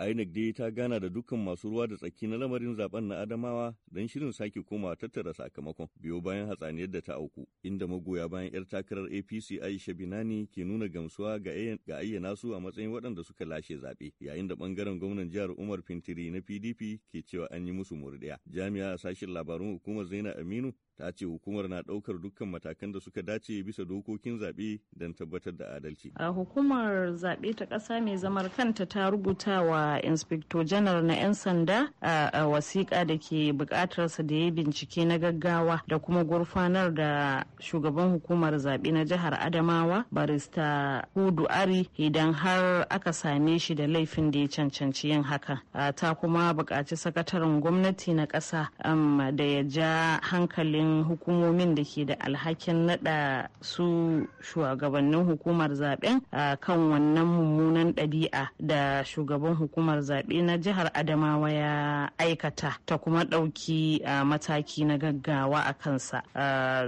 INEC dai ta gana da dukkan masu ruwa da tsaki na lamarin zaben na Adamawa don shirin sake komawa tattara sakamakon biyo bayan hatsaniyar da ta auku inda magoya bayan yar takarar APC Aisha Binani ke nuna gamsuwa ga ayyana su a matsayin waɗanda suka lashe zaɓe yayin da ɓangaren gwamnan jihar Umar Fintiri na PDP ke cewa an yi musu murɗiya. Jami'a a sashen labarun hukumar Zainab Aminu ta ce hukumar na ɗaukar dukkan matakan da suka dace bisa dokokin zaɓe don tabbatar da adalci. A hukumar zaɓe ta ƙasa mai zamar kanta ta rubuta wa inspector general na 'yan sanda a wasiƙa da ke buƙatarsa da ya bincike na gaggawa da kuma gurfanar da shugaban hukumar zaɓe na jihar adamawa barista hudu ari idan har aka same shi da laifin da ya cancanci yin haka ta kuma buƙaci sakataren gwamnati na ƙasa um, da ya ja hankalin hukumomin da ke da alhakin naɗa su shugabannin hukumar zaɓen kan wannan mummunan ɗabi'a da shugaban hukumar hukumar zaɓe na jihar Adamawa ya aikata ta kuma ɗauki mataki na gaggawa a kansa.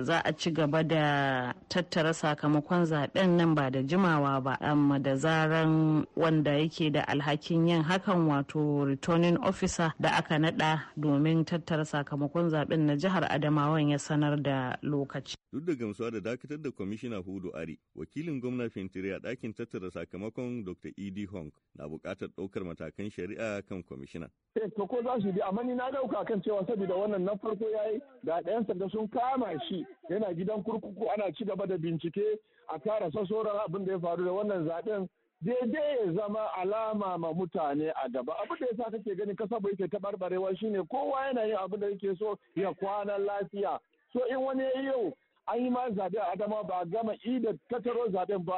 Za a ci gaba da tattara sakamakon zaɓen nan ba da jimawa ba, amma da zaran wanda yake da alhakin yin hakan wato returning officer da aka nada domin tattara sakamakon zaɓen na jihar adamawa ya sanar da lokaci. Duk da gamsuwa da dakatar da kwamishina Hudu Ari, wakilin gwamna Fintiri a dakin tattara sakamakon Dr. ed Hong na bukatar ɗaukar mata. matakan shari'a kan kwamishinan. Eh, ko za su bi amma ni na dauka kan cewa saboda wannan na farko yayi da ɗayan sanda sun kama shi yana gidan kurkuku ana ci gaba da bincike a kara sasoran abin da ya faru da wannan zaben daidai ya zama alama ma mutane a gaba abin da yasa kake gani kasa bai ke tabarbarewa shine kowa yana yin abin da yake so ya kwana lafiya so in wani ya yi yau an yi ma zaɓe a adama ba a gama ida tattaro zaɓen ba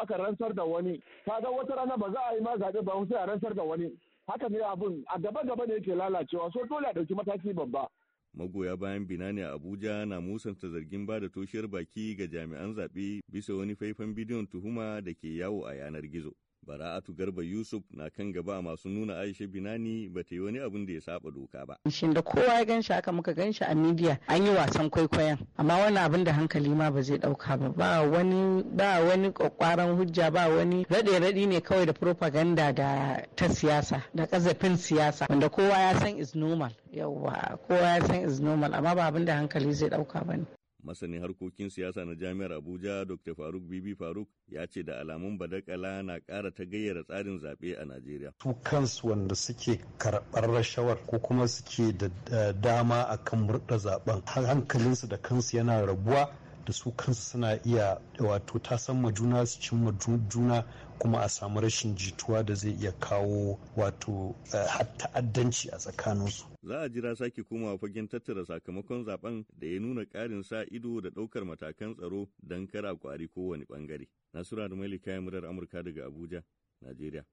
aka rantsar da wani kaga wata rana ba za a yi ma zaɓe ba sai a rantsar da wani haka ne abun a gaba gaba ne yake lalacewa so dole a ɗauki mataki babba magoya bayan binani a abuja na musanta zargin ba da toshiyar baki ga jami'an zaɓe bisa wani faifan bidiyon tuhuma da ke yawo a yanar gizo Bara'atu Garba Yusuf na kan gaba masu nuna Aisha Binani ba ta yi wani abin da ya saba doka ba. Shin da kowa ya gan shi haka muka gan shi a midiya an yi wasan kwaikwayon amma wani abin da hankali ma ba zai dauka ba ba wani ba wani kwakwaran hujja ba wani raɗe radi ne kawai da propaganda da ta siyasa da kazafin siyasa wanda kowa ya san is normal yauwa kowa ya san is normal amma ba abin da hankali zai dauka ba ne. masanin harkokin siyasa na jami'ar abuja dr faruk bibi faruk ya ce da alamun badakala na ƙara ta gayyara tsarin zaɓe a najeriya su kansu wanda suke karɓar rashawar ko kuma suke da eh, dama akan murɗa zaben hankalinsu da kansu yana rabuwa da su kansu suna iya wato tasan juna su cin juna kuma a samu rashin jituwa da zai iya kawo wato eh, ta'addanci a tsakaninsu. Za a jira sake komawa fagen tattara sakamakon zaben da ya nuna karin sa ido da daukar matakan tsaro don kara kwari kowane ɓangare. Nasura da Malika ya murar Amurka daga Abuja, Najeriya.